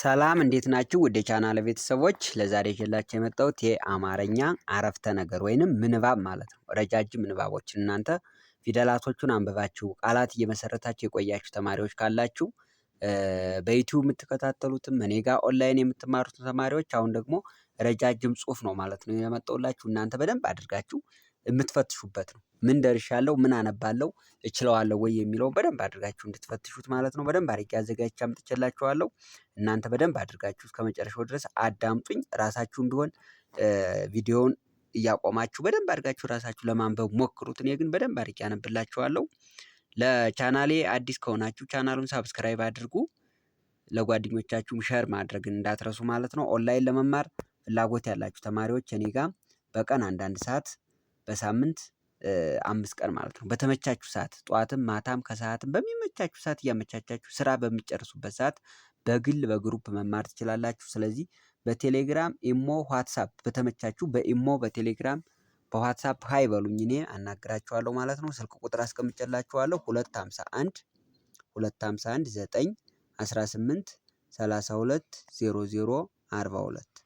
ሰላም እንዴት ናችሁ? ወደ ቻናል ቤተሰቦች ለዛሬ ይዤላችሁ የመጣሁት የአማርኛ አረፍተ ነገር ወይንም ምንባብ ማለት ነው። ረጃጅም ምንባቦችን እናንተ ፊደላቶቹን አንብባችሁ ቃላት እየመሰረታችሁ የቆያችሁ ተማሪዎች ካላችሁ በዩቲዩብ የምትከታተሉትም እኔ ጋር ኦንላይን የምትማሩት ተማሪዎች አሁን ደግሞ ረጃጅም ጽሁፍ ነው ማለት ነው የመጣሁላችሁ እናንተ በደንብ አድርጋችሁ የምትፈትሹበት ነው። ምን ደርሻለሁ፣ ምን አነባለሁ፣ እችለዋለሁ ወይ የሚለውን በደንብ አድርጋችሁ እንድትፈትሹት ማለት ነው። በደንብ አድርጌ አዘጋጅቼ አምጥቼላችኋለሁ። እናንተ በደንብ አድርጋችሁ እስከ መጨረሻው ድረስ አዳምጡኝ። ራሳችሁም ቢሆን ቪዲዮውን እያቆማችሁ በደንብ አድርጋችሁ ራሳችሁ ለማንበብ ሞክሩት። እኔ ግን በደንብ አድርጌ አነብላችኋለሁ። ለቻናሌ አዲስ ከሆናችሁ ቻናሉን ሳብስክራይብ አድርጉ። ለጓደኞቻችሁም ሸር ማድረግ እንዳትረሱ ማለት ነው። ኦንላይን ለመማር ፍላጎት ያላችሁ ተማሪዎች እኔ ጋር በቀን አንዳንድ ሰዓት በሳምንት አምስት ቀን ማለት ነው። በተመቻችሁ ሰዓት ጠዋትም ማታም ከሰዓትም በሚመቻችሁ ሰዓት እያመቻቻችሁ ስራ በሚጨርሱበት ሰዓት በግል በግሩፕ መማር ትችላላችሁ። ስለዚህ በቴሌግራም ኢሞ ዋትሳፕ በተመቻችሁ በኢሞ በቴሌግራም በዋትሳፕ ሀይ በሉኝ እኔ አናግራችኋለሁ ማለት ነው። ስልክ ቁጥር አስቀምጨላችኋለሁ ሁለት ሃምሳ አንድ ሁለት ሃምሳ አንድ ዘጠኝ አስራ ስምንት ሰላሳ ሁለት ዜሮ ዜሮ አርባ ሁለት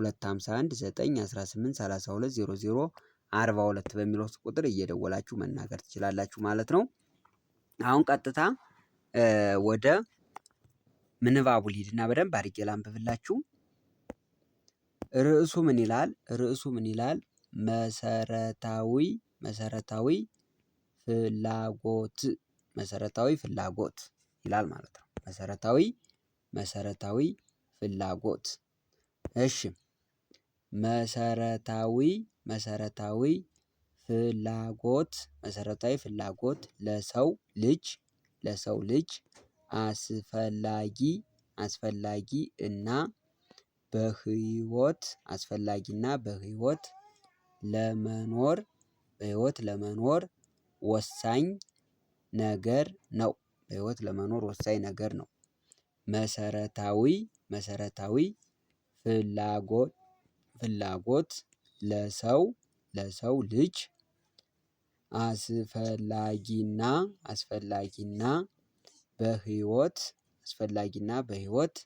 ሁለት ሃምሳ አንድ በሚለው ቁጥር እየደወላችሁ መናገር ትችላላችሁ ማለት ነው። አሁን ቀጥታ ወደ ምንባቡ ሊድና በደንብ አድርጌ ላንብብላችሁ። ርዕሱ ምን ይላል? ርዕሱ ምን ይላል? መሰረታዊ መሰረታዊ ፍላጎት መሰረታዊ ፍላጎት ይላል ማለት ነው። መሰረታዊ መሰረታዊ ፍላጎት እሺ መሰረታዊ መሰረታዊ ፍላጎት መሰረታዊ ፍላጎት ለሰው ልጅ ለሰው ልጅ አስፈላጊ አስፈላጊ እና በህይወት አስፈላጊ እና በህይወት ለመኖር በህይወት ለመኖር ወሳኝ ነገር ነው በህይወት ለመኖር ወሳኝ ነገር ነው። መሰረታዊ መሰረታዊ ፍላጎት ፍላጎት ለሰው ለሰው ልጅ አስፈላጊና አስፈላጊና በህይወት አስፈላጊና በህይወት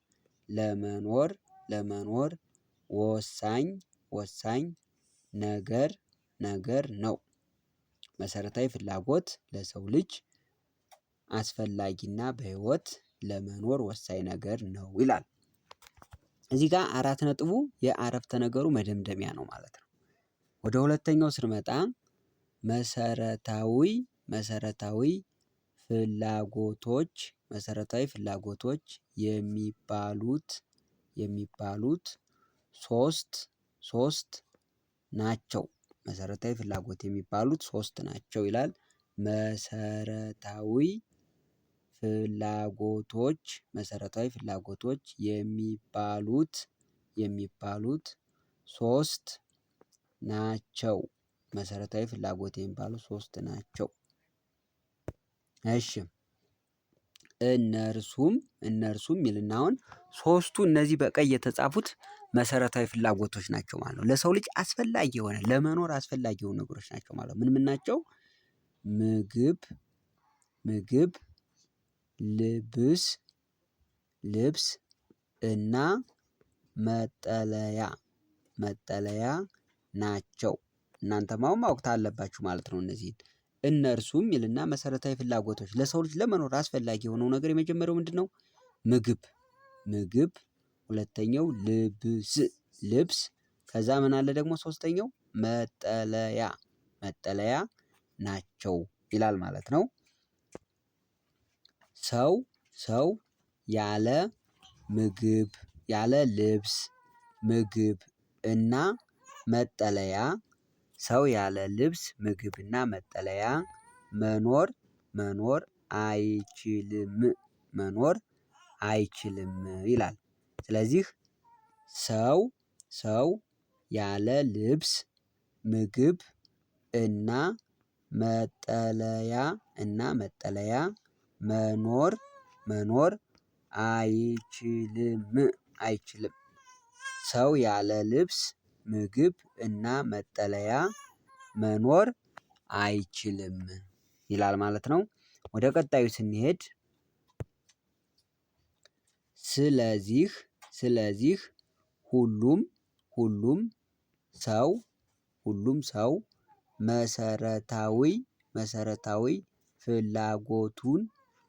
ለመኖር ለመኖር ወሳኝ ወሳኝ ነገር ነገር ነው። መሰረታዊ ፍላጎት ለሰው ልጅ አስፈላጊና በህይወት ለመኖር ወሳኝ ነገር ነው ይላል እዚህ ጋር አራት ነጥቡ የአረፍተ ነገሩ መደምደሚያ ነው ማለት ነው። ወደ ሁለተኛው ስንመጣ መሰረታዊ መሰረታዊ ፍላጎቶች መሰረታዊ ፍላጎቶች የሚባሉት የሚባሉት ሶስት ሶስት ናቸው መሰረታዊ ፍላጎት የሚባሉት ሶስት ናቸው ይላል። መሰረታዊ ፍላጎቶች መሰረታዊ ፍላጎቶች የሚባሉት የሚባሉት ሶስት ናቸው መሰረታዊ ፍላጎት የሚባሉ ሶስት ናቸው። እሺ እነርሱም እነርሱም ይልና አሁን ሶስቱ እነዚህ በቀይ የተጻፉት መሰረታዊ ፍላጎቶች ናቸው ማለት ነው። ለሰው ልጅ አስፈላጊ የሆነ ለመኖር አስፈላጊ የሆኑ ነገሮች ናቸው ማለት ነው። ምን ምን ናቸው? ምግብ ምግብ ልብስ ልብስ እና መጠለያ መጠለያ ናቸው እናንተም አሁን ማወቅ አለባችሁ ማለት ነው። እነዚህን እነርሱም ይልና መሰረታዊ ፍላጎቶች ለሰው ልጅ ለመኖር አስፈላጊ የሆነው ነገር የመጀመሪያው ነው? ምግብ ምግብ ሁለተኛው ልብስ ልብስ ከዛ ምን አለ ደግሞ ሶስተኛው መጠለያ መጠለያ ናቸው ይላል ማለት ነው ሰው ሰው ያለ ምግብ ያለ ልብስ ምግብ እና መጠለያ ሰው ያለ ልብስ ምግብ እና መጠለያ መኖር መኖር አይችልም መኖር አይችልም ይላል። ስለዚህ ሰው ሰው ያለ ልብስ ምግብ እና መጠለያ እና መጠለያ መኖር መኖር አይችልም አይችልም። ሰው ያለ ልብስ ምግብ እና መጠለያ መኖር አይችልም ይላል ማለት ነው። ወደ ቀጣዩ ስንሄድ ስለዚህ ስለዚህ ሁሉም ሁሉም ሰው ሁሉም ሰው መሰረታዊ መሰረታዊ ፍላጎቱን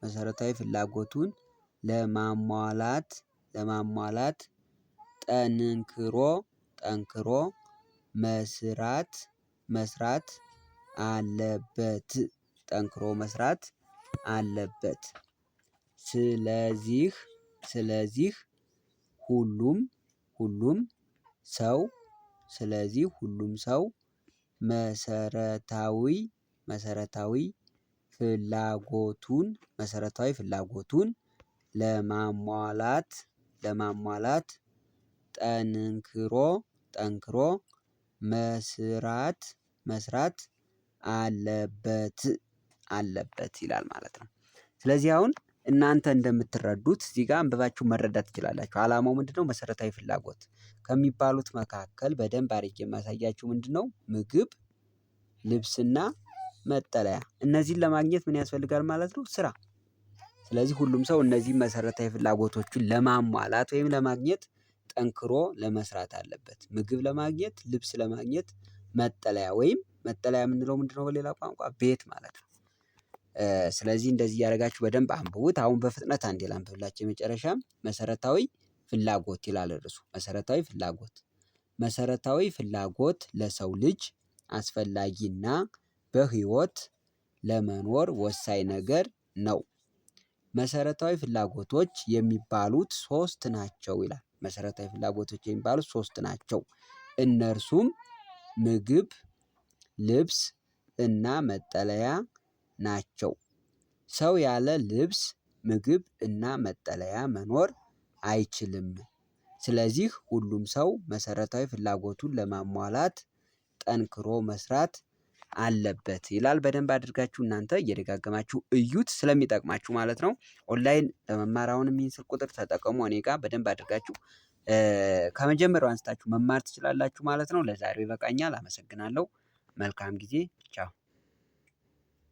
መሰረታዊ ፍላጎቱን ለማሟላት ለማሟላት ጠንክሮ ጠንክሮ መስራት መስራት አለበት ጠንክሮ መስራት አለበት። ስለዚህ ስለዚህ ሁሉም ሁሉም ሰው ስለዚህ ሁሉም ሰው መሰረታዊ መሰረታዊ ፍላጎቱን መሰረታዊ ፍላጎቱን ለማሟላት ለማሟላት ጠንክሮ ጠንክሮ መስራት መስራት አለበት አለበት ይላል ማለት ነው። ስለዚህ አሁን እናንተ እንደምትረዱት እዚህ ጋር አንብባችሁ መረዳት ትችላላችሁ አላማው ምንድነው? መሰረታዊ ፍላጎት ከሚባሉት መካከል በደንብ አድርጌ የማሳያችሁ ነው ምግብ ልብስና መጠለያ እነዚህን ለማግኘት ምን ያስፈልጋል ማለት ነው? ስራ። ስለዚህ ሁሉም ሰው እነዚህን መሰረታዊ ፍላጎቶቹን ለማሟላት ወይም ለማግኘት ጠንክሮ ለመስራት አለበት። ምግብ ለማግኘት ልብስ ለማግኘት መጠለያ ወይም መጠለያ የምንለው ምንድነው? በሌላ ቋንቋ ቤት ማለት ነው። ስለዚህ እንደዚህ እያደረጋችሁ በደንብ አንብቡት አሁን በፍጥነት አንዴ ላንብብላችሁ የመጨረሻም መሰረታዊ ፍላጎት ይላል ርሱ። መሰረታዊ ፍላጎት መሰረታዊ ፍላጎት ለሰው ልጅ አስፈላጊና በህይወት ለመኖር ወሳኝ ነገር ነው። መሰረታዊ ፍላጎቶች የሚባሉት ሶስት ናቸው ይላል መሰረታዊ ፍላጎቶች የሚባሉት ሶስት ናቸው። እነርሱም ምግብ ልብስ እና መጠለያ ናቸው። ሰው ያለ ልብስ ምግብ እና መጠለያ መኖር አይችልም። ስለዚህ ሁሉም ሰው መሰረታዊ ፍላጎቱን ለማሟላት ጠንክሮ መስራት አለበት ይላል። በደንብ አድርጋችሁ እናንተ እየደጋገማችሁ እዩት ስለሚጠቅማችሁ ማለት ነው። ኦንላይን ለመማር አሁን የሚህን ስልክ ቁጥር ተጠቀሙ። እኔ ጋር በደንብ አድርጋችሁ ከመጀመሪያው አንስታችሁ መማር ትችላላችሁ ማለት ነው። ለዛሬው ይበቃኛል። አመሰግናለሁ። መልካም ጊዜ። ቻው